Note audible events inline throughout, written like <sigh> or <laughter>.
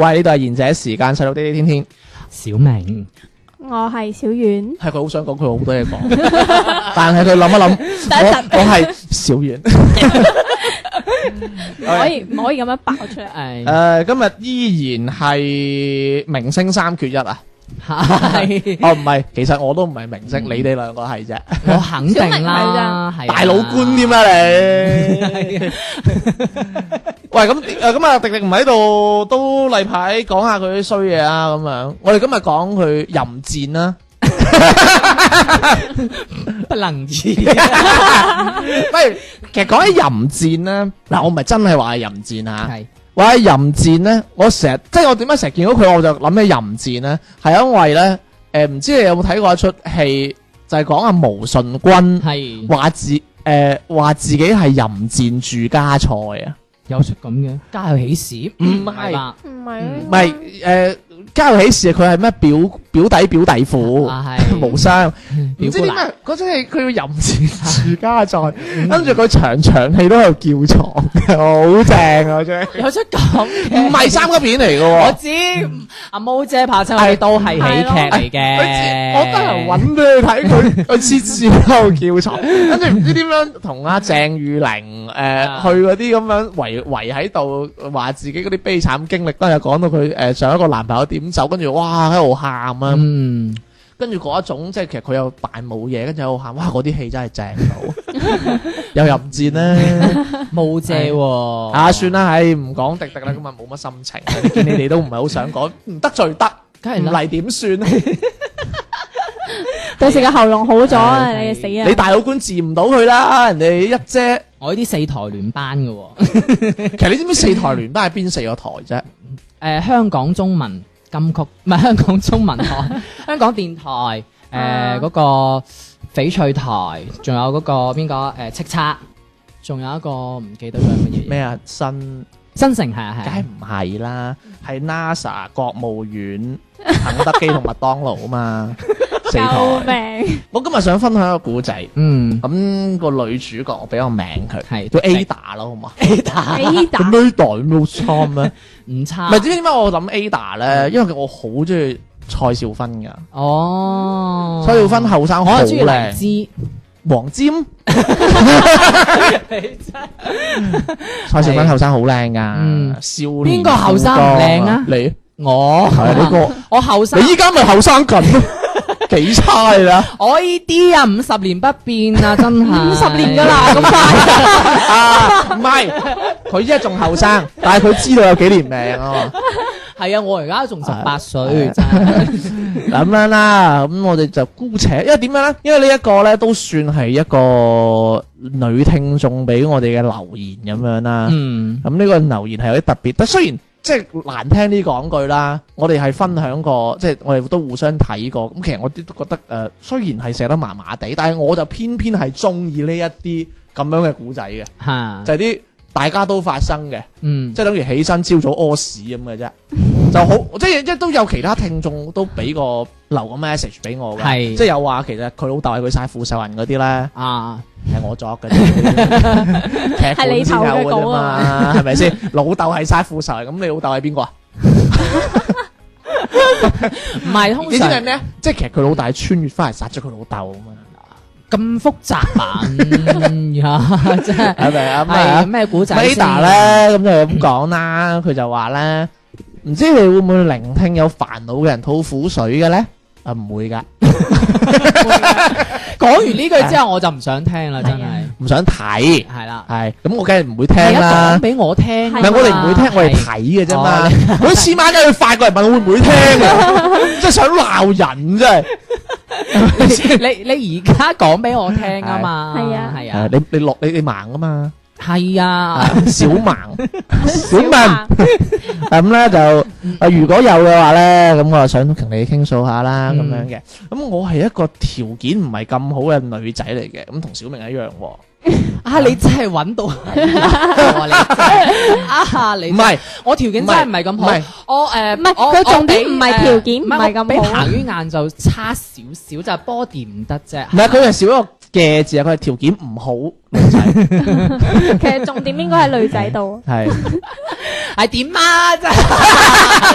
喂，呢度係賢者時間，細佬，啲啲，天天小明，我係小遠，係佢好想講，佢好多嘢講， <laughs> 但係佢諗一諗， <laughs> 我我係小遠， <laughs> 嗯、Okay 可以唔可以咁樣爆出嚟？誒 <laughs> 、呃，今日依然係明星三缺一啊！係，哦唔係，其實我都唔係明星，你哋兩個係啫。我肯定啦，係大佬官添啦你。喂，咁誒，咁啊，迪迪唔喺度，都例牌講下佢啲衰嘢啦。咁樣，我哋今日講佢淫賤啦。不能治。喂，其實講起淫賤咧，嗱，我唔係真係話係淫賤啊。話淫賤咧，我成日即係我點解成日見到佢，我就諗起淫賤咧，係因為咧，誒、呃、唔知你有冇睇過一出戲，就係講阿毛舜筠，係話是自誒話、呃、自己係淫賤住家菜啊，有出咁嘅家有喜事，唔係唔係唔係誒。呃家有喜事佢係咩表表弟表弟夫，無雙。唔知點解嗰出戲佢要吟詞住家再，跟住佢場場戲都喺度叫床，好正啊！出有出咁嘅，唔係三級片嚟嘅。我知阿毛姐拍親都係喜劇嚟嘅。我得閒搵俾你睇，佢次次喺度叫床，跟住唔知點樣同阿鄭裕玲誒，去嗰啲咁樣圍圍喺度話自己嗰啲悲慘經歷，都有講到佢誒上一個男朋友。點走，跟住哇喺度喊啊！跟住嗰一種即係其實佢又扮冇嘢，跟住喺度喊，哇！嗰啲戲真係正到，又入戰咧，冇借喎。啊，算啦，唉，唔講滴滴啦，今日冇乜心情。見你哋都唔係好想講，唔得罪得，梗係入嚟點算咧？到時個喉嚨好咗，你死啊！你大佬官治唔到佢啦，人哋一姐。我呢啲四台聯班嘅，其實你知唔知四台聯班係邊四個台啫？誒，香港中文，金曲唔係香港中文台， <laughs> 香港電台，誒嗰、 <laughs> 呃那個翡翠台，仲有嗰、那個邊個誒叱吒，仲、呃、有一個唔記得咗乜嘢。咩啊新新城係啊係，梗係唔係啦，係 NASA 國務院、肯德 <laughs> 基同麥當勞啊嘛。 <laughs> 救命！我今日想分享一個古仔，嗯咁個女主角我俾個名佢係叫 Ada 咯，好嘛？Ada，Ada，女袋冇錯咩？唔差？唔知點解我諗 Ada 咧？因為我好中意蔡少芬噶哦。蔡少芬後生好靚，黃霑蔡少芬後生好靚噶，邊個後生唔靚啊？你我係呢個我後生，你依家咪後生緊。幾差啦！我依啲啊五十年不變 <laughs> 啊，真係五十年噶啦咁快，啊，唔係佢依家仲後生，但係佢知道有幾年命哦。係 <laughs> 啊，我而家仲十八歲，諗啦 <laughs> 啦，咁、嗯、我哋就姑且，因為點樣咧？因為呢一個咧都算係一個女聽眾俾我哋嘅留言咁樣啦。嗯，咁呢、嗯，這個留言係有啲特別嘅雖然……即係難聽啲講句啦，我哋係分享過，即係我哋都互相睇過。咁其實我啲都覺得誒、呃，雖然係寫得麻麻地，但係我就偏偏係中意呢一啲咁樣嘅古仔嘅，啊、就係啲大家都發生嘅，嗯、即係等於起身朝早屙屎咁嘅啫。 <laughs> 就好，即係即係都有其他聽眾都俾個留個 message 俾我嘅，即係有話其實佢老豆係佢殺父仇人嗰啲咧，啊，係我作嘅，劇本先有嘅嘛，係咪先？老豆係殺父仇人，咁你老豆係邊個啊？唔係，通常係咩啊？即係其實佢老豆穿越翻嚟殺咗佢老豆啊嘛，咁複雜啊？係咪啊？咩咩古仔先？Ada 咧，咁就咁講啦，佢就話咧。唔知你會唔會聆聽有煩惱嘅人吐苦水嘅咧？啊，唔會噶。講完呢句之後，我就唔想聽啦，真係唔想睇。係啦，係咁，我梗係唔會聽啦。講俾我聽，唔係我哋唔會聽，我哋睇嘅啫嘛。每次晚黑佢發過嚟問我會唔會聽啊，即係想鬧人啫！係。你你你而家講俾我聽啊嘛？係啊係啊，你你落你你盲啊嘛？係啊，小盲，小盲。咁咧就啊，如果有嘅話咧，咁我就想同你傾訴下啦，咁樣嘅。咁我係一個條件唔係咁好嘅女仔嚟嘅，咁同小明一樣。啊，你真係揾到啊！你？唔係，我條件真係唔係咁好。唔係，我誒唔係，佢重點唔係條件唔係咁好。比彭于晏就差少少，就 body 唔得啫。唔係，佢係少一個。嘅字啊，佢係條件唔好女仔，其實重點應該喺女仔度，係係點啊？真係，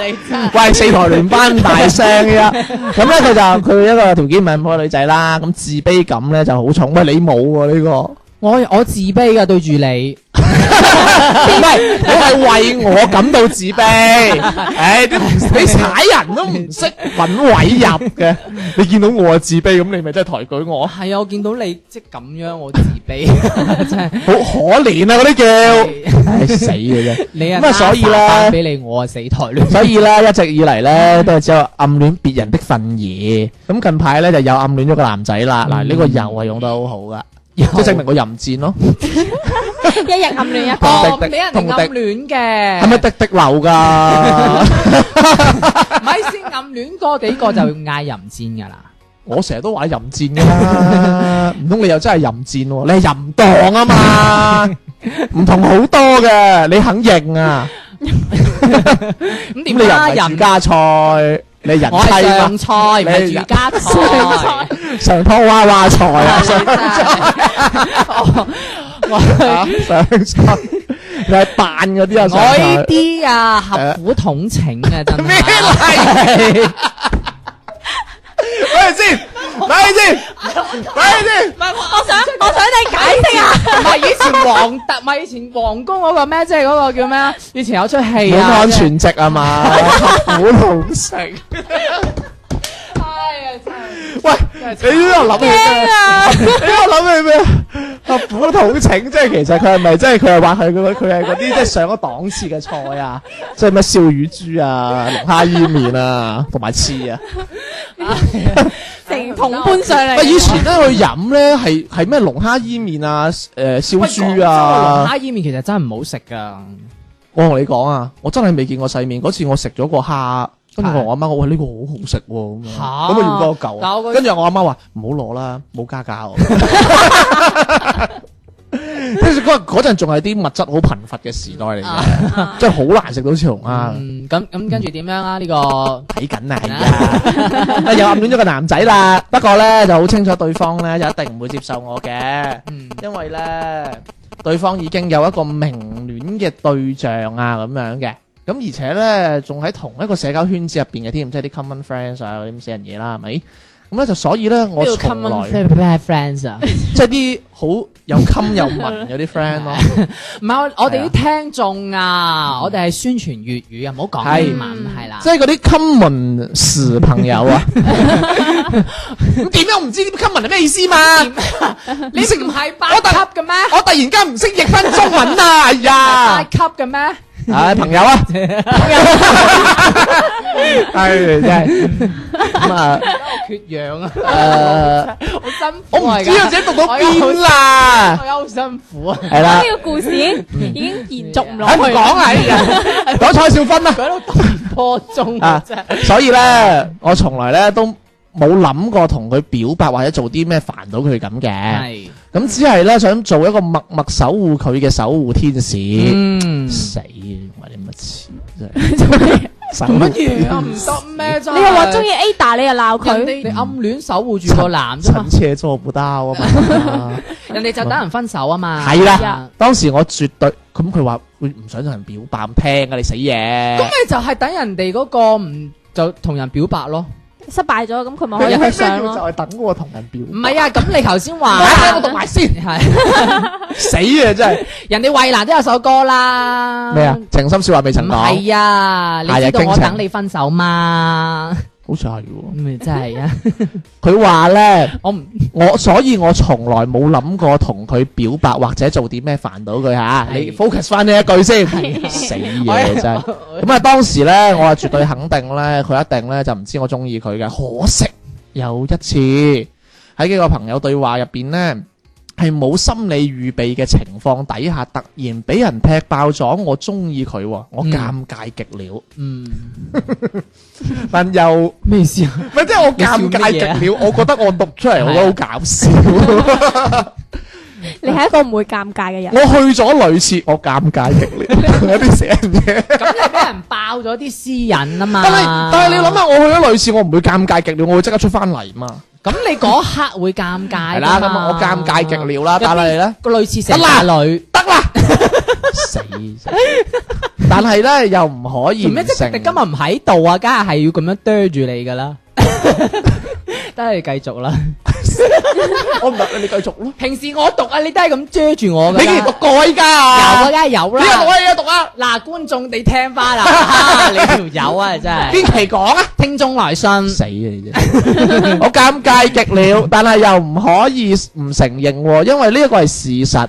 喂，四台聯班大聲啊！咁咧佢就佢一個條件唔係唔好嘅女仔啦，咁自卑感咧就好重。喂，你冇喎呢個。我我自卑噶，對住你，唔係你係為我感到自卑。唉、 <laughs> 欸，你踩人都唔識搵位入嘅，你見到我啊自卑，咁你咪真係抬舉我。係啊， <laughs> 我見到你即係咁樣，我自卑，真 <laughs> 係 <laughs> 好可憐啊！嗰啲叫唉、 <laughs> 哎、死嘅啫。咁啊， <laughs> 所以啦，俾你我啊死台戀。所以咧，一直以嚟咧都係只有暗戀別人的份嘢。咁近排咧就有暗戀咗個男仔啦。嗱，呢、呢個油係用得好好噶。 <laughs> 即又證明我淫戰咯，一日 <laughs> 暗戀一個俾人暗戀嘅，係咪滴滴流噶？咪 <laughs> <laughs> 先暗戀過幾個就嗌淫戰噶啦。 <laughs> 我成日都話淫戰嘅，唔通 <laughs> 你又真係淫戰？你係淫蕩啊嘛？唔 <laughs> <laughs> 同好多嘅，你肯認啊？咁 <laughs> 點你又係任家菜？你人妻咁菜，住家菜，上湯娃娃菜啊！上菜，你係扮嗰啲啊？嗰啲啊，合府統請啊！真係？喂，先。解釋，解釋，唔係我想我想你解釋啊！唔係以前皇特，唔係以前皇宮嗰個咩即係嗰個叫咩啊？以前有出戲啊？滿漢全席啊嘛？吓，苦同情，哎呀真係，喂，你喺度諗咩啊？你喺度諗咩咩？吓，苦同情，即係其實佢係咪即係佢係話係佢係嗰啲即係上咗檔次嘅菜啊？即係咩燒乳豬啊、龍蝦伊麵啊，同埋翅啊。成桶搬上嚟。不以前咧 <laughs> 去飲咧係係咩龍蝦伊麵啊，誒燒豬啊。龍蝦伊麵其實真係唔好食噶。我同你講啊，我真係未見過世面。嗰次我食咗個蝦，跟住的我阿媽我喂，呢、這個好好食咁，咁啊用多舊。跟住我阿媽話唔好攞啦，冇加價。 <laughs> <laughs> 嗰嗰陣仲係啲物質好貧乏嘅時代嚟嘅，真係好難食到蝸啊！咁咁、嗯嗯、跟住點樣啊？呢、呢個睇、嗯、緊啊，係 <laughs> 又暗戀咗個男仔啦。不過呢，就好清楚對方呢就一定唔會接受我嘅，嗯、因為呢，對方已經有一個明戀嘅對象啊咁樣嘅。咁而且呢，仲喺同一個社交圈子入邊嘅添，即係啲 common friends 啊，啲咁死人嘢啦，係咪？咁咧就所以咧，我從來即係啲好又襟又文有啲 friend 咯。唔係我哋啲聽眾啊， <laughs> 我哋係宣傳粵語啊，唔好講英文係啦。即係嗰啲襟文時朋友啊，點 <laughs> 樣唔知啲襟文係咩意思嘛、啊？你識唔係八級嘅咩？ <laughs> 我突然間唔識譯翻中文啊！哎呀， <laughs> 八級嘅咩？ <laughs> 啊朋友啊，係 <laughs> 真係咁啊缺氧啊，誒好辛苦，我唔知自己讀到邊啦，好辛苦啊，係啦，呢個故事已經已經延續唔落嚟，唔講啦，講、哎哎、呀蔡少芬啦、啊，喺度電波中嘅所以咧，我從來咧都冇諗過同佢表白或者做啲咩煩到佢咁嘅，係的，咁只係咧想做一個默默守護佢嘅守護天使。嗯嗯、死嘅，為你哋乜事真係，乜嘢唔得咩？你又話中意 Ada，你又鬧佢，家嗯、你暗戀守護住個男，趁車坐唔到啊嘛， <laughs> 人哋就等人分手啊嘛，係啦 <laughs> 的，啊、當時我絕對咁佢話會唔想同人表白咁平啊，你死嘢，咁 <laughs> 你就係等人哋嗰個唔就同人表白咯。失敗咗，咁佢咪可以上咯？就係等我同人表。唔係啊，咁你頭先話，我讀埋先，係死啊！真係，人哋衛蘭都有首歌啦。咩啊？情深說話未曾講。唔係啊，你知道我等你分手嘛？好似係喎，咪真係啊！佢話 <laughs> 呢，我不我所以我從來冇諗過同佢表白或者做啲咩煩到佢吓的、啊。你 focus 翻呢一句先，的 <laughs> 死嘢真係。咁啊， <laughs> 當時呢，我啊絕對肯定呢，佢一定呢就唔知我中意佢嘅。可惜有一次喺幾個朋友對話入邊呢。係冇心理預備嘅情況底下，突然俾人劈爆咗，我中意佢，我尷尬極了。嗯， <laughs> 但又咩事？啊？唔即係我尷尬，尷尬極了，我覺得我讀出嚟，我覺得好搞笑。你係一個唔會尷尬嘅人。 <laughs> 我去咗女廁，我尷尬極了，有啲寫唔嘅。咁你俾人爆咗啲私隱啊嘛。但係但係你諗下，我去咗女廁，我唔會尷尬極了，我會即刻出翻嚟嘛。咁你嗰刻會尷尬係啦，咁我尷尬極了啦，打落嚟咧個類似死女得啦，但係咧又唔可以咩？即係你今日唔喺度啊，梗係要咁樣嗲住你噶啦，得係繼續啦。 <laughs> 我唔讀啦，你繼續咯。平時我讀啊，你都係咁遮住我噶、啊。你改噶？有啦，梗係有啦。你又讀啊，又讀啊。嗱，觀眾你聽翻啦、 <laughs> 啊。你條友啊，真係。邊期講啊？聽眾來信。死啊！你真係 <laughs> 我尷尬極了，但係又唔可以唔承認、啊，因為呢一個係事實。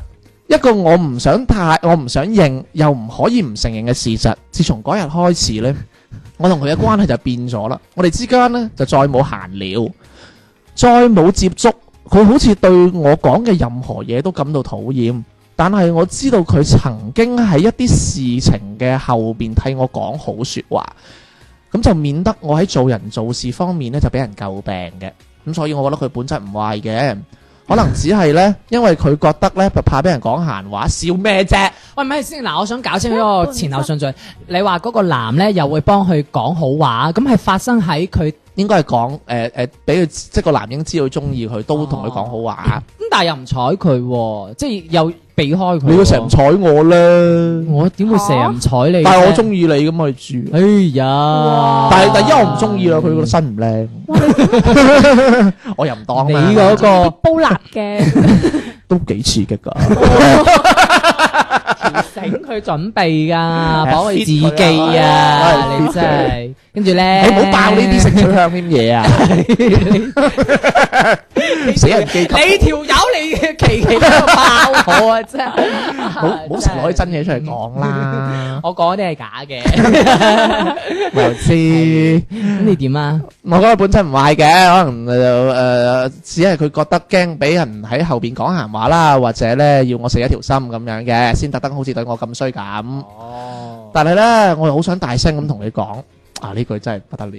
一個我唔想太，我唔想認，又唔可以唔承認嘅事實。自從嗰日開始咧，我同佢嘅關係就變咗啦。我哋之間咧就再冇閒聊。再冇接觸，佢好似對我講嘅任何嘢都感到討厭。但係我知道佢曾經喺一啲事情嘅後邊替我講好説話，咁就免得我喺做人做事方面呢就俾人詬病嘅。咁所以我覺得佢本質唔壞嘅，可能只係呢，因為佢覺得呢怕俾人講閒話，笑咩啫？喂，唔係先，嗱，我想搞清楚個前後順序。喏你話嗰個男呢喏又會幫佢講好話，咁係發生喺佢。應該係講，誒、誒，俾佢即係個男人知道中意佢，都同佢講好話。咁但係又唔睬佢，即係又避開佢。你會成日唔睬我咧？我點會成日唔睬你？但係我中意你噶嘛住。哎呀！但係第一我唔中意啦，佢個身唔靚。我又唔當。你嗰個煲辣嘅都幾刺激㗎。去準備㗎，幫你自己啊！你真係跟住咧，你唔好爆呢啲食醋香添嘢啊！死人機頭，你條友你奇奇都爆我啊！真係，好唔好食攞啲真嘢出嚟講啦？我講啲係假嘅，唔知咁你點啊？我覺得本身唔壞嘅，可能就誒，只係佢覺得驚俾人喺後邊講閒話啦，或者咧要我死一條心咁樣嘅，先特登好似對我咁。衰咁，哦、但係呢，我又好想大聲咁同你講，嗯、啊呢句真係不得了！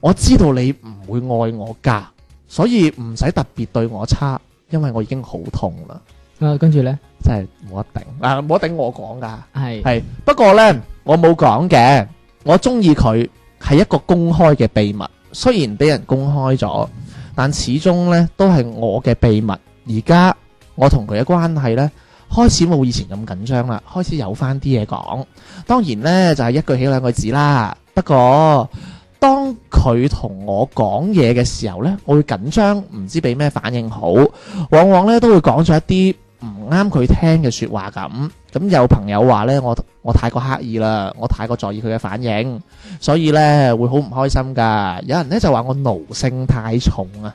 我知道你唔會愛我噶，所以唔使特別對我差，因為我已經好痛啦、啊。跟住呢，真係冇得頂，啊冇得頂我講噶，係係是。不過呢，我冇講嘅，我中意佢係一個公開嘅秘密，雖然俾人公開咗，但始終呢都係我嘅秘密。而家我同佢嘅關係呢，開始冇以前咁緊張啦，開始有返啲嘢講。當然呢就係一句起兩個字啦。不過當佢同我講嘢嘅時候呢，我會緊張，唔知俾咩反應好。往往呢都會講咗一啲唔啱佢聽嘅説話咁。咁有朋友話呢，我我太過刻意啦，我太過在意佢嘅反應，所以呢會好唔開心㗎。有人呢就話我奴性太重啊。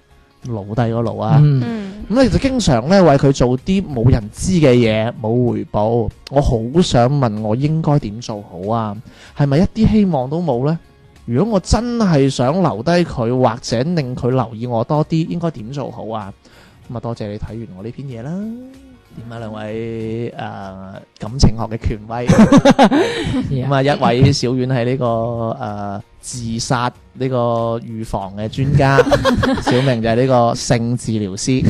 奴弟個奴啊，咁咧就經常咧為佢做啲冇人知嘅嘢，冇回報。我好想問，我應該點做好啊？係咪一啲希望都冇呢？如果我真係想留低佢，或者令佢留意我多啲，應該點做好啊？咁啊，多謝你睇完我呢篇嘢啦。點啊，兩位誒、呃、感情學嘅權威，咁啊 <laughs> <laughs> 一位小院係呢，這個誒、呃、自殺呢個預防嘅專家， <laughs> 小明就係呢個性治療師。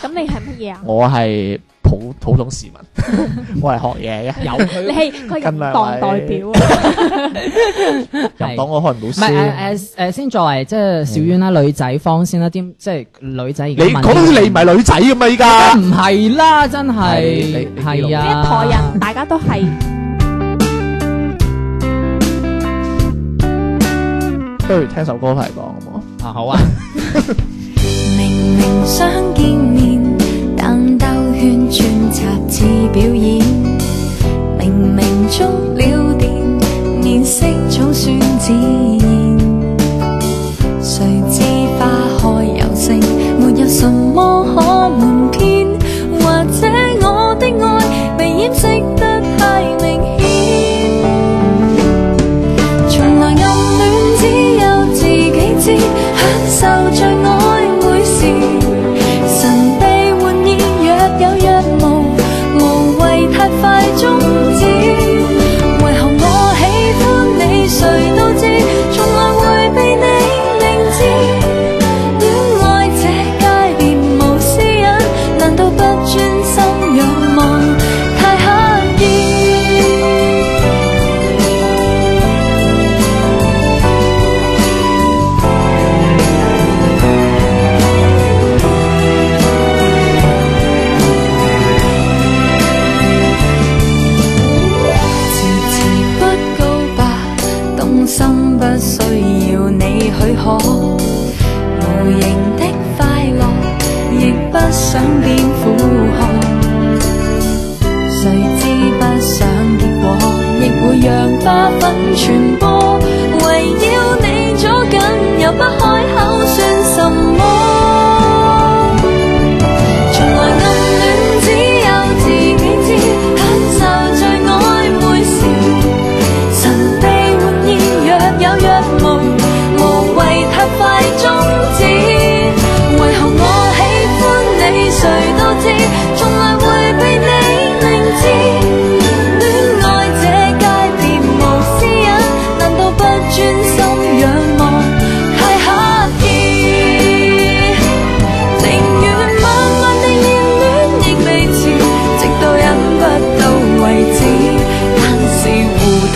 咁 <laughs> <laughs> <laughs> 你係乜嘢啊？我係。普普通市民，我係學嘢嘅。由佢，你係佢入黨代表啊！入我開唔到書。唔係先作為即係小丸啦，女仔方先啦，啲即係女仔你講你唔係女仔啊嘛？依家唔係啦，真係係啊！一台人大家都係不如聽首歌嚟講好唔好？啊好啊！明明相見。穿插似表演，明明觸了電，面色總算自然。誰知花開有聲，沒有什麼可瞞。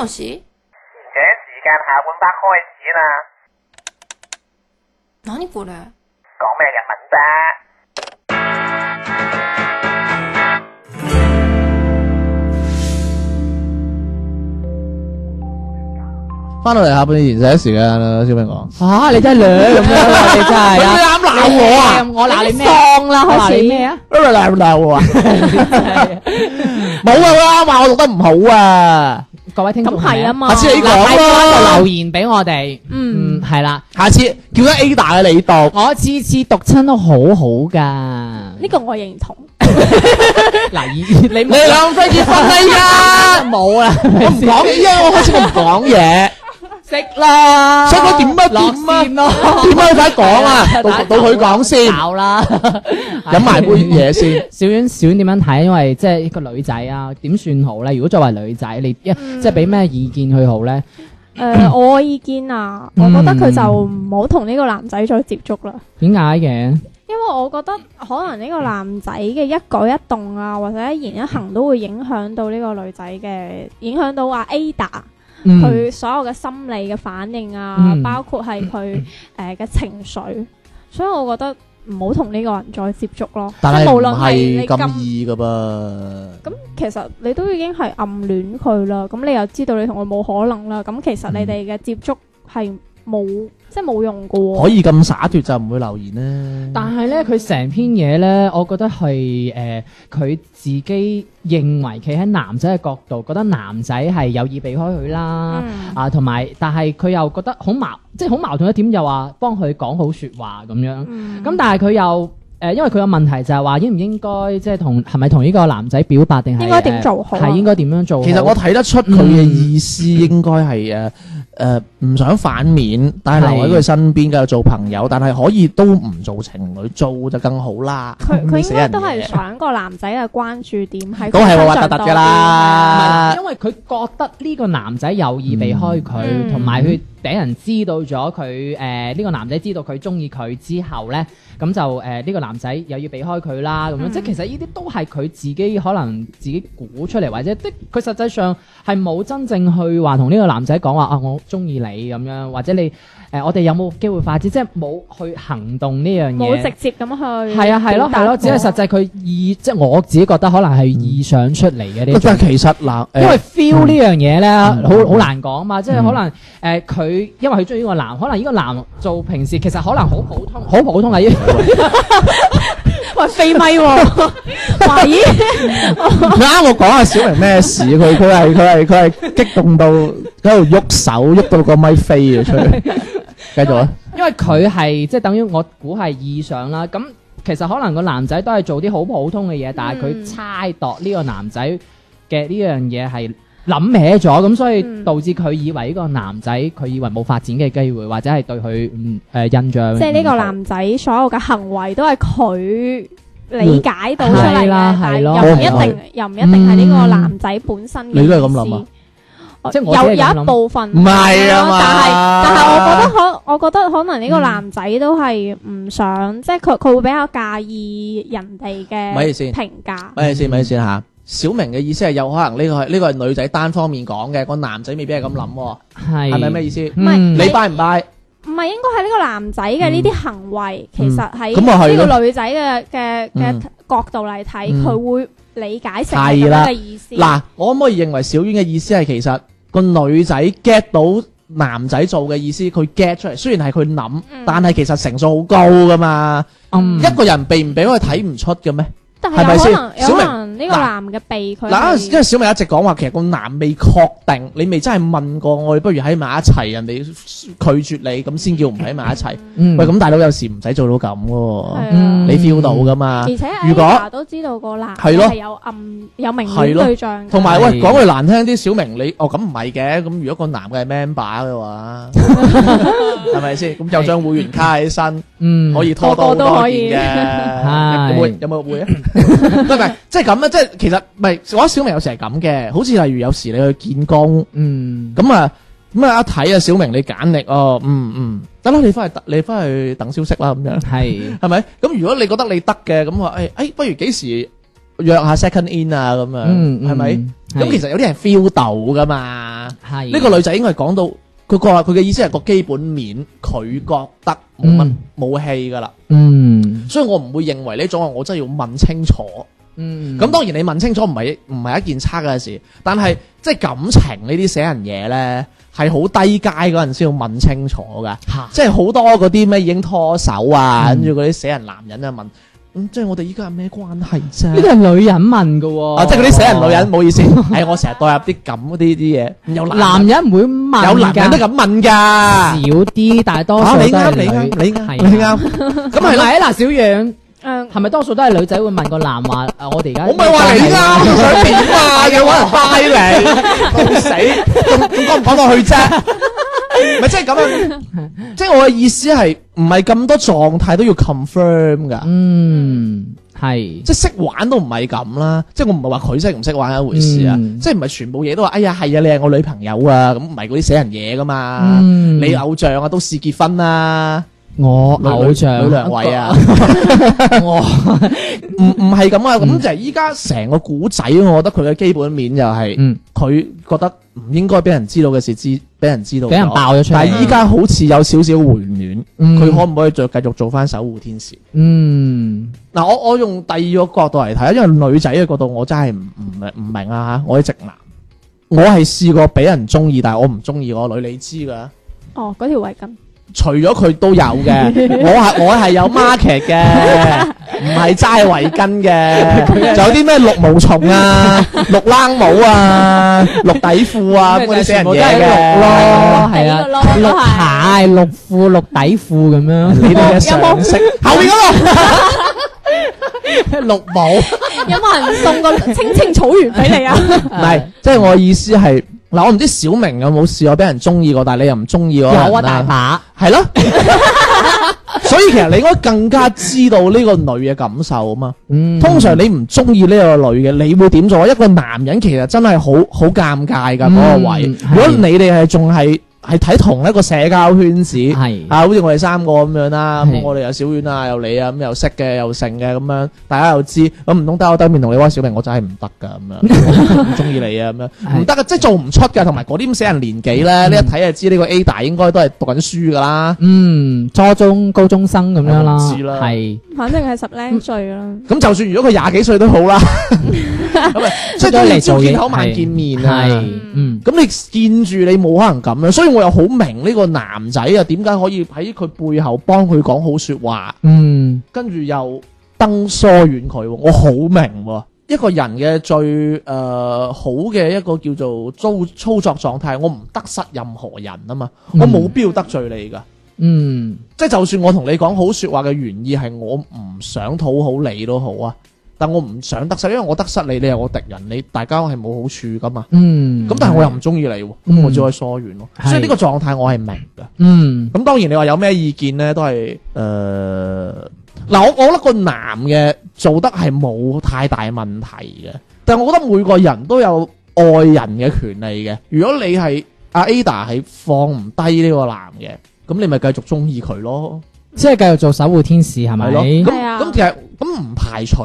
賢者時間下半 part 開始啦。咩嚟？講咩日文啫？翻到嚟下半段賢者時間啦，小明講。吓，你真係兩咁樣，你真係啊！你啱鬧我啊？我鬧你咩？放啦，開始咩啊？唔係唔係我啊？冇啊，我話我讀得唔好啊。各位聽眾嘛，下次你講啦，留言俾我哋。嗯，係啦，下次叫咗 Ada 嘅你讀。我次次讀親都好好噶。呢個我認同。嗱，你兩飛結婚啊？冇啊，我唔講依家，我開始唔講嘢。識咯，所以點啊？點啊？點啊快講啊，到到佢講先。好啦，飲埋杯嘢先。小婉小婉點樣睇？因為即係一個女仔啊，點算好咧？如果作為女仔，你即係俾咩意見佢好咧？誒，我意見啊，我覺得佢就唔好同呢個男仔再接觸啦。點解嘅？因為我覺得可能呢個男仔嘅一舉一動啊，或者一言一行都會影響到呢個女仔嘅，影響到阿 Ada。佢、嗯、所有嘅心理嘅反應啊，嗯、包括係佢誒嘅情緒，嗯嗯、所以我覺得唔好同呢個人再接觸咯。但係唔係咁易嘅噃？咁其實你都已經係暗戀佢啦，咁你又知道你同佢冇可能啦，咁其實你哋嘅接觸係冇。嗯即係冇用噶，可以咁灑脱就唔會留言、啊、呢。但係呢，佢成篇嘢呢，我覺得係誒，佢、呃、自己認為企喺男仔嘅角度，覺得男仔係有意避開佢啦。嗯、啊，同埋，但係佢又覺得好矛，即係好矛盾一點，又話幫佢講好説話咁樣。咁、嗯、但係佢又誒、呃，因為佢嘅問題就係話應唔應該即係、就是、同係咪同呢個男仔表白定係應該點做好、啊？係應該點樣做？其實我睇得出佢嘅意思應該係誒。嗯嗯嗯嗯誒，唔、呃、想反面，但係留喺佢身邊繼續做朋友，但係可以都唔做情侶，做就更好啦。佢佢應該都係想個男仔嘅關注點係， <laughs> 點都係核突突噶啦，因為佢覺得呢個男仔有意避開佢，同埋佢。俾人知道咗佢，誒、呃、呢、呢個男仔知道佢中意佢之後呢，咁就誒呢、呃呢個男仔又要避開佢啦，咁樣、嗯、即係其實呢啲都係佢自己可能自己估出嚟，或者即佢實際上係冇真正去話同呢個男仔講話啊，我中意你咁樣，或者你。誒，我哋有冇機會發展？即係冇去行動呢樣嘢，冇直接咁去，係啊，係咯，係咯，只係實際佢意，即係我自己覺得可能係臆想出嚟嘅呢。即係其實嗱，因為 feel 呢樣嘢咧，好好難講嘛，即係可能誒佢因為佢中意呢個男，可能呢個男做平時其實可能好普通，好普通啊！喂，飛咪喎，啱我講下小明咩事？佢佢係佢係佢係激動到喺度喐手，喐到個咪飛咗出嚟。繼續啊，因為佢係即係等於我估係臆想啦。咁其實可能個男仔都係做啲好普通嘅嘢，但係佢猜度呢個男仔嘅呢樣嘢係諗歪咗，咁所以導致佢以為呢個男仔佢以為冇發展嘅機會，或者係對佢嗯誒印象。即係呢個男仔所有嘅行為都係佢理解到出嚟嘅，但係又唔一定，又唔一定係呢個男仔本身嘅。你都係咁諗啊？即有有一部分，唔係啊，但係但係，我覺得可，我覺得可能呢個男仔都係唔想，即係佢佢會比較介意人哋嘅評價。唔好意思，唔好意思吓，小明嘅意思係有可能呢個係呢個係女仔單方面講嘅，個男仔未必係咁諗喎。係係咪咩意思？唔係，你拜唔拜？唔係，應該係呢個男仔嘅呢啲行為，其實喺呢個女仔嘅嘅嘅角度嚟睇，佢會。理解成係啦。嗱，我可唔可以認為小婉嘅意思係其實個女仔 get 到男仔做嘅意思，佢 get 出嚟。雖然係佢諗，嗯、但係其實成數好高噶嘛。嗯、一個人避唔避佢睇唔出嘅咩？但係咪先？小明呢個男嘅避佢？嗱，因為小明一直講話，其實個男未確定，你未真係問過我哋，不如喺埋一齊，人哋拒絕你咁先叫唔喺埋一齊。喂，咁大佬有時唔使做到咁喎，你 feel 到噶嘛？而且如果都知道個男，係咯，有暗有明嘅對象。同埋喂，講句難聽啲，小明你哦咁唔係嘅，咁如果個男嘅係 member 嘅話，係咪先？咁又將會員卡喺身。嗯，可以拖多都可以嘅，係會有冇會啊？唔係唔係，即係咁啊！即係其實唔係，我覺得小明有時係咁嘅，好似例如有時你去見工，嗯，咁啊咁啊一睇啊，小明你簡歷哦，嗯嗯，得啦，你翻去你翻去等消息啦，咁樣係係咪？咁如果你覺得你得嘅，咁話誒誒，不如幾時約下 second in 啊咁樣，係咪？咁其實有啲人 feel 到噶嘛，係呢個女仔應該係講到。佢話：佢嘅意思係個基本面，佢覺得冇乜武器㗎啦。嗯，嗯，所以我唔會認為呢種話，我真係要問清楚。嗯，咁當然你問清楚唔係唔係一件差嘅事，但係即係感情呢啲死人嘢呢，係好低階嗰陣先要問清楚㗎。哈即係好多嗰啲咩已經拖手啊，跟住嗰啲死人男人啊問。咁即係我哋依家係咩關係啫？呢啲係女人問噶，啊，即係嗰啲死人女人，唔好意思，係我成日代入啲咁嗰啲啲嘢。有男人唔會問，有男人都咁問噶，少啲，但係多數都係女。你啱，你啱，你啱。咁係咪啊？嗱，小樣，誒，係咪多數都係女仔會問個男話？誒，我哋而家我唔係話你啦，你想點啊？有乜快你，到死，咁講唔講落去啫？咪即係咁樣，即係我嘅意思係唔係咁多狀態都要 confirm 噶？嗯，係，即係識玩都唔係咁啦。即係我唔係話佢識唔識玩一回事啊。嗯、即係唔係全部嘢都話哎呀係啊，你係我女朋友啊咁，唔係嗰啲死人嘢噶嘛。嗯、你偶像啊，都試結婚啦、啊。我偶像梁偉啊！我唔唔係咁啊，咁、嗯、就依家成個古仔，我覺得佢嘅基本面就係，嗯，佢覺得唔應該俾人知道嘅事，知俾人知道，俾人爆咗出嚟。但係依家好似有少少回暖，佢、嗯、可唔可以再繼續做翻守護天使？嗯，嗱、啊，我我用第二個角度嚟睇，因為女仔嘅角度我真明、啊，我真係唔唔唔明啊！吓，我係直男，我係試過俾人中意，但係我唔中意我女，你知噶？哦，嗰條圍巾。除咗佢都有嘅， <laughs> 我係我係有 market 嘅，唔係齋圍巾嘅，仲 <laughs> 有啲咩綠毛蟲啊、 <laughs> 綠冷帽啊、綠底褲啊，啲死人嘢嘅，綠咯，係啊，綠鞋、綠褲、綠底褲咁樣，你哋有冇？後邊嗰個綠帽，有冇人送個青青草原俾你啊？唔係， <laughs> 即係、就是、我意思係。嗱，我唔知小明有冇試過俾人中意過，但係你又唔中意我，有啊，大把係咯。 <laughs> <laughs> 所以其實你應該更加知道呢個女嘅感受啊嘛。嗯、通常你唔中意呢個女嘅，你會點做？一個男人其實真係好好尷尬㗎嗰、嗯、個位。的如果你哋係仲係。係睇同一個社交圈子，嚇是，好似我哋三個咁樣啦。咁是我哋有小遠啊，有你啊，咁又識嘅，又成嘅咁樣，大家又知。咁唔通得我低面同你話小玲，我真係唔得噶咁樣，唔中意你啊咁樣，唔得啊，即係做唔出噶。同埋嗰啲咁死人年紀咧，呢、嗯、一睇就知呢個 Ada 應該都係讀緊書噶啦。嗯，初中高中生咁樣啦，係、嗯，是反正係十零歲啦。咁 <laughs> 就算如果佢廿幾歲都好啦。 <laughs> 即係，即係你朝見口晚見面啊，係，嗯，咁、嗯、你見住你冇可能咁樣，所以我又好明呢個男仔啊，點解可以喺佢背後幫佢講好說話，嗯，跟住又登疏遠佢，我好明、啊，一個人嘅最誒、呃、好嘅一個叫做操操作狀態，我唔得失任何人啊嘛，我冇必要得罪你噶，嗯，即係、嗯、就，就算我同你講好說話嘅原意係我唔想討好你都好啊。但我唔想得失，因為我得失你，你又係我敵人，你大家係冇好處噶嘛。嗯，咁但係我又唔中意你，咁、嗯、我只可以疏遠咯。的所以呢個狀態我係明嘅。嗯，咁當然你話有咩意見呢？都係誒嗱。我我覺得個男嘅做得係冇太大問題嘅，但係我覺得每個人都有愛人嘅權利嘅。如果你係阿 Ada 係放唔低呢個男嘅，咁你咪繼續中意佢咯，即係繼續做守護天使係咪咯？咁咁其實咁唔排除。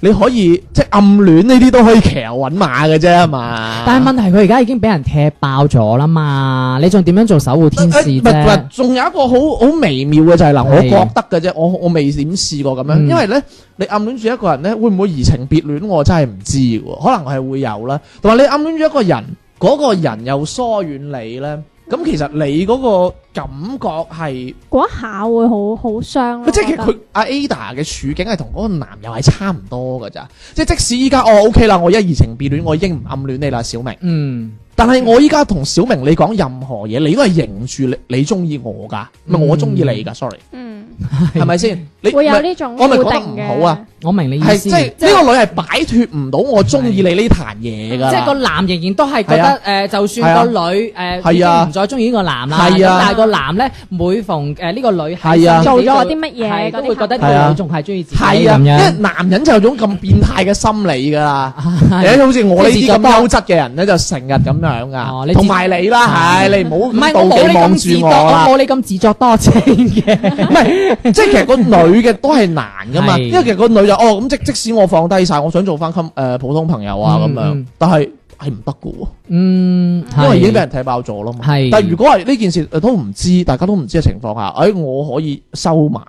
你可以即係暗戀呢啲都可以騎牛揾馬嘅啫，係嘛？但係問題佢而家已經俾人踢爆咗啦嘛，你仲點樣做守護天使？唔係，仲、呃呃、有一個好好微妙嘅就係、是、嗱，的我覺得嘅啫，我我未點試過咁樣，嗯、因為呢，你暗戀住一個人呢，會唔會移情別戀，我真係唔知噶，可能係會有啦。同埋你暗戀住一個人，嗰、那個人又疏遠你呢。咁、嗯、其實你嗰個感覺係嗰下會好好傷，即係佢阿 Ada 嘅處境係同嗰個男友係差唔多噶咋，即係即使依家哦 O K 啦，我移情別戀，我已經唔暗戀你啦，小明。嗯，但係我依家同小明你講任何嘢，你都係認住你你中意我噶，唔係、嗯、我中意你噶，sorry。嗯，係咪先？ <laughs> 你會有呢種固定嘅。我明你意思，係即係呢個女係擺脫唔到我中意你呢壇嘢㗎啦。即係個男仍然都係覺得誒，就算個女誒已經唔再中意呢個男啦，但係個男咧每逢誒呢個女係做咗啲乜嘢，佢會覺得佢仲係中意自己男人。係啊，因為男人就有種咁變態嘅心理㗎啦。誒，好似我呢啲咁優質嘅人咧，就成日咁樣㗎。哦，同埋你啦，係你唔好妒忌望住我啦。唔係我冇你咁自作，我冇你咁自作多情嘅。唔係，即係其實個女嘅都係難㗎嘛，因為其實個女。哦，咁即即使我放低晒，我想做翻誒普通朋友啊咁樣，但係係唔得嘅喎。嗯，因為已經俾人踢爆咗咯。係。但係如果係呢件事都唔知，大家都唔知嘅情況下，誒我可以收埋。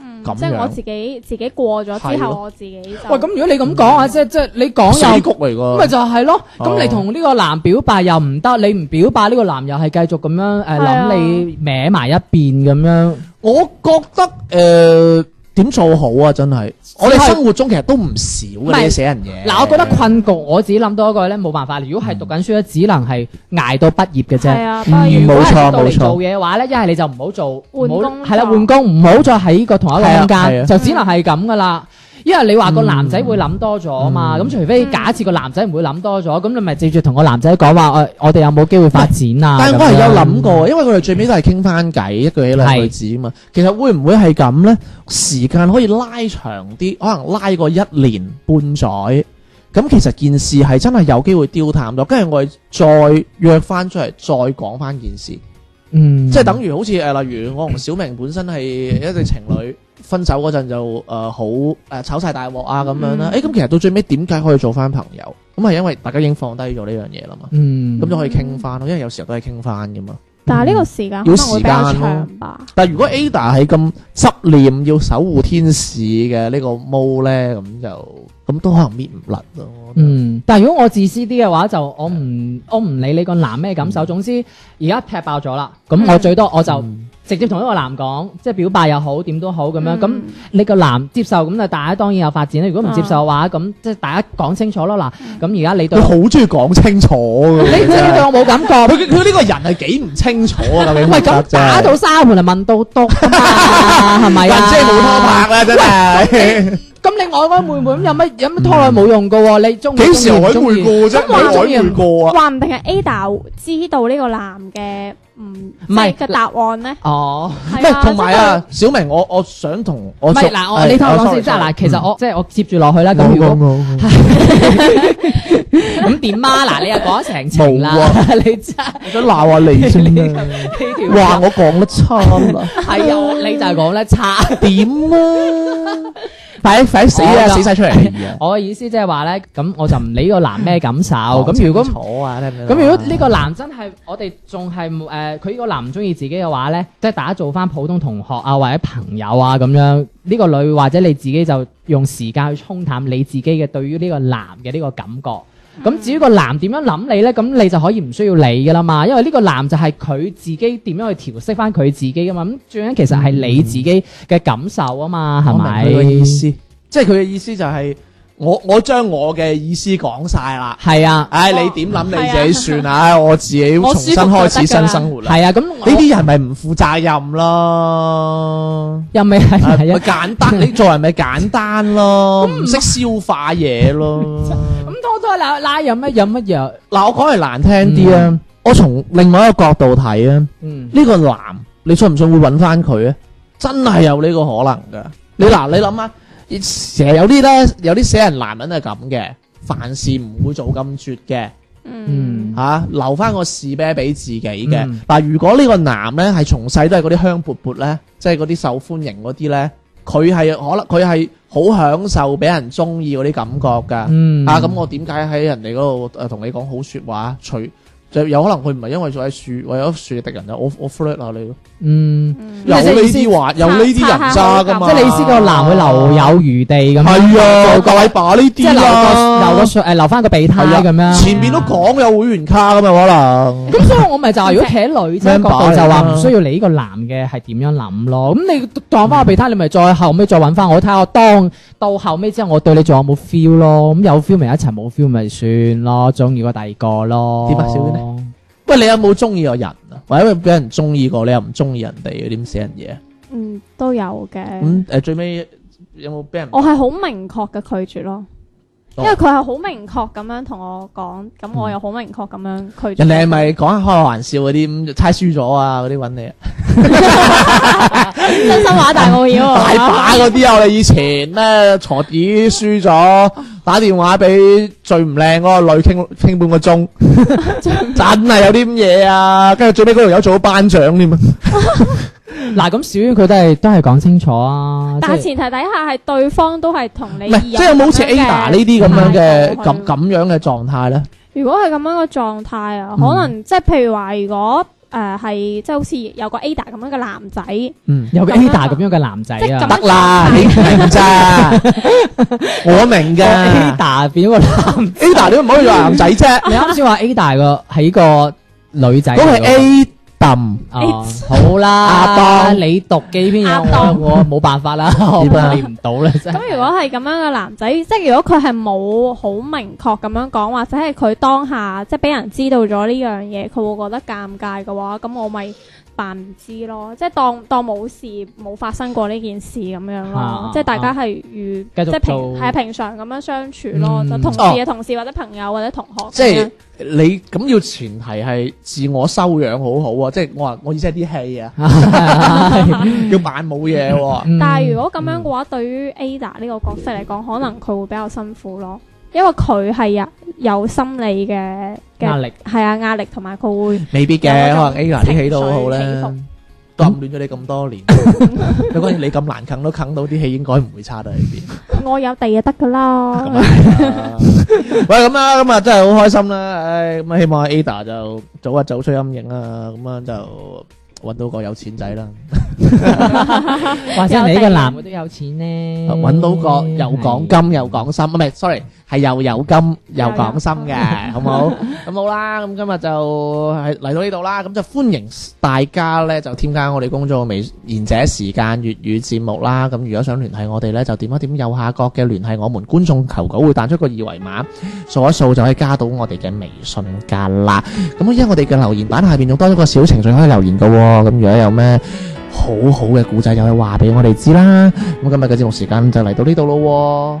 嗯，即係我自己自己過咗之後，我自己。喂，咁如果你咁講啊，即即你講又死局嚟㗎，咪就係咯。咁你同呢個男表白又唔得，你唔表白呢個男又係繼續咁樣誒諗你歪埋一邊咁樣。我覺得誒。點做好啊？真係，我哋生活中其實都唔少嘅寫是人嘢。嗱，我覺得困局，我自己諗到一個咧，冇辦法。如果係讀緊書咧，嗯、只能係捱到畢業嘅啫。係啊，冇錯、嗯、如果係轉到嚟做嘢嘅話咧，一係錯你就唔好做換、啊，換工係啦，換工唔好再喺個同一個空間，啊啊、就只能係咁噶啦。嗯嗯因為你話個男仔會諗多咗嘛，咁除非假設個男仔唔會諗多咗，咁你咪直接同個男仔講話，我我哋有冇機會發展啊？但係我係有諗過，因為佢哋最尾都係傾翻偈一句一兩句子啊嘛。其實會唔會係咁呢？時間可以拉長啲，可能拉過一年半載，咁其實件事係真係有機會調淡咗，跟住我哋再約翻出嚟再講翻件事。嗯，即係等於好似誒，例如我同小明本身係一對情侶。分手嗰陣就誒好誒，炒晒大鑊啊咁樣啦。誒，咁其實到最尾點解可以做翻朋友？咁係因為大家已經放低咗呢樣嘢啦嘛。嗯，咁就可以傾翻咯，因為有時候都係傾翻噶嘛。但係呢個時間要時間。但係如果 Ada 係咁執念要守護天使嘅呢個毛呢，咧，咁就咁都可能搣唔甩咯。嗯，但係如果我自私啲嘅話，就我唔我唔理你個男咩感受。總之而家踢爆咗啦，咁我最多我就。直接同一個男講，即係表白又好，點都好咁樣。咁、嗯、你個男接受咁就大家當然有發展啦。如果唔接受嘅話，咁即係大家講清楚咯。嗱，咁而家你對佢好鍾意講清楚 <laughs> 你佢對我冇感覺。佢佢呢個人係幾唔清楚啊？唔係咁打到沙盤嚟問到篤，係咪 <laughs> 啊？即係冇拖拍啦，真係。咁你曖曖昧昧咁有乜有乜拖落冇用噶喎？你中幾時又曖昧過啫？幾時曖昧過啊？話唔定係 Ada 知道呢個男嘅唔唔係嘅答案咧。哦，係同埋啊，小明，我我想同我唔係嗱，我你同我講先，即係嗱，其實我即係我接住落去啦。咁好好。咁點啊？嗱，你又講成程啦，你真想鬧下你先？話！我講得差啊！係啊，你就係講得差點啊！快死啦！死曬的出嚟！ <laughs> 我嘅意思即係話呢，咁我就唔理個男咩感受。咁 <laughs> 如果咁 <laughs> 如果呢個男真係我哋仲係誒，佢、呃、呢個男唔中意自己嘅話呢，即係打做返普通同學啊或者朋友啊咁樣。呢、這個女或者你自己就用時間去沖淡你自己嘅對於呢個男嘅呢個感覺。咁至於個男點樣諗你呢，咁你就可以唔需要理㗎喇嘛，因為呢個男就係佢自己點樣去調適返佢自己㗎嘛。咁最緊其實係你自己嘅感受啊嘛，係咪？我明佢意思，即係佢嘅意思就係我我將我嘅意思講晒喇。係啊，唉，你點諗你自己算啊，我自己重新開始新生活啦。係啊，咁呢啲人咪唔負責任咯，又咪係係簡單，你做人咪簡單咯，唔識消化嘢咯。都係拉飲乜飲乜嘢嗱，我講嚟難聽啲啊！嗯、我從另外一個角度睇啊，呢、嗯、個男你信唔信會揾翻佢啊？真係有呢個可能噶、嗯！你嗱，你諗下，成日有啲呢，有啲死人男人係咁嘅，凡事唔會做咁絕嘅，嗯，吓、啊、留翻個士啤俾自己嘅。嗱、嗯，如果呢個男呢，係從細都係嗰啲香餑餑呢，即係嗰啲受歡迎嗰啲呢，佢係可能佢係。好享受俾人中意嗰啲感覺㗎，嗯、啊，咁我點解喺人哋嗰度誒同你講好説話？除就有可能佢唔係因為坐喺樹，為咗樹敵人啊，我我忽略下你咯。嗯，有呢啲話，有呢啲人渣噶嘛？即係你意思個男會留，留有餘地咁。係啊，各位把呢啲啦，留個誒留翻個，個，個備胎咁樣、啊。前面都講有會員卡噶嘛可能。咁、嗯、 <laughs> 所以我咪就係如果企喺女，即係 <laughs> 就話唔需要你呢個男嘅係點樣諗咯。咁、嗯、你當翻個備胎，你咪再後尾再搵翻我睇下當到後尾之後我對你仲有冇 feel 咯。咁有 feel 咪一齊，冇 feel 咪算咯，中意過第二個咯。喂，你有冇中意個人啊？或者因俾人中意過，你又唔中意人哋，點寫人嘢？嗯，都有嘅。咁誒、嗯，最尾有冇俾人？我係好明確嘅拒絕咯，多因為佢係好明確咁樣同我講，咁我又好明確咁樣拒絕。嗯、人哋係咪講開玩笑嗰啲、啊，猜輸咗啊嗰啲搵你？ <laughs> <laughs> <laughs> 真心話大冒險、 <laughs> 嗯，大把嗰啲啊！我哋以前咩坐底輸咗？ <laughs> <laughs> 打電話俾最唔靚嗰個女傾傾半個鐘， <laughs> 漂 <laughs> 真係有啲嘢啊！跟住最尾嗰條友做到班長添啊！嗱， <laughs> <laughs> 咁小娟佢都係都係講清楚啊！就是、但係前提底下係對方都係同你，即係有冇好似 Ada 呢啲咁樣嘅咁咁樣嘅狀態咧？如果係咁樣嘅狀態啊，可能即係譬如話如果。誒，係即係好似有個 Ada 咁樣嘅男仔，嗯，有個 Ada 咁樣嘅男仔啊，得啦，你唔明啫。我明嘅 Ada 變咗個男 Ada，你唔可以做男仔啫。你啱先話 Ada 個係個女仔，咁係 A。好啦，阿當，你讀幾篇又我冇辦法啦，練唔 <laughs> 到咧，真咁。 <laughs> 如果係咁樣嘅男仔，即係如果佢係冇好明確咁樣講，或者係佢當下即係俾人知道咗呢樣嘢，佢會覺得尷尬嘅話，咁我咪。扮唔知咯，即係當當冇事冇發生過呢件事咁樣咯，啊、即係大家係如、啊、即係平係平常咁樣相處咯，嗯、就同事嘅同事、哦、或者朋友或者同學。即係你咁要前提係自我修養好好啊，即係我話我意思係啲戲啊，要扮冇嘢。嗯、但係如果咁樣嘅話，嗯、對於 Ada 呢個角色嚟講，可能佢會比較辛苦咯，因為佢係有有心理嘅。壓力係啊，壓力同埋佢會未必嘅，可能 Ada 啲戲都好好咧，暗戀咗你咁多年，如果你咁難啃都啃到啲戲，應該唔會差到喺邊。我有地就，得噶啦。喂，咁啊，咁啊，真係好開心啦！唉，咁啊，希望 Ada 就早日走出陰影啊，咁啊，就搵到個有錢仔啦，或者你個男嘅都有錢咧，搵到個又講金又講心啊，唔係，sorry。係又有金又講心嘅，哎、呀好唔好？咁 <laughs> 好啦，咁今日就係嚟到呢度啦。咁就歡迎大家呢就添加我哋公眾號微賢者時間粵語節目啦。咁如果想聯繫我哋呢，就點一點右下角嘅聯繫我們觀眾求稿會彈出個二維碼，掃一掃就可以加到我哋嘅微信噶啦。咁而家我哋嘅留言板下邊仲多咗個小程序可以留言噶、哦。咁如果有咩好好嘅故仔，就去話俾我哋知啦。咁今日嘅節目時間就嚟到呢度咯。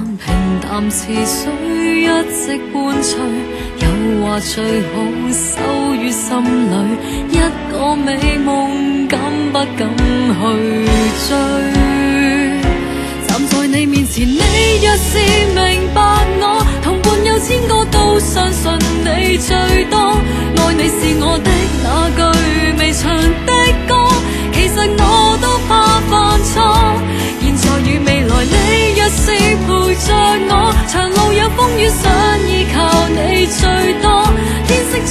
平淡似水，一直伴隨，又話最好收於心裏，一個美夢敢不敢去追？站在你面前，你若是明白我，同伴有千個都相信你最多。愛你是我的那句未唱的歌，其實我都怕犯錯。是陪着我，長路有風雨，想依靠你最多。天色。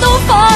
東方。